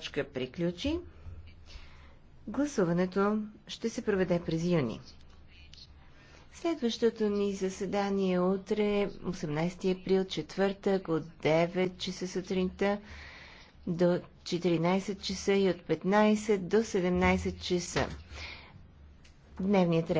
точка приключи. Гласуването ще се проведе през юни. Следващото ни заседание е утре, 18 април, четвъртък, от 9 часа сутринта до 14 часа и от 15 до 17 часа. Дневният ред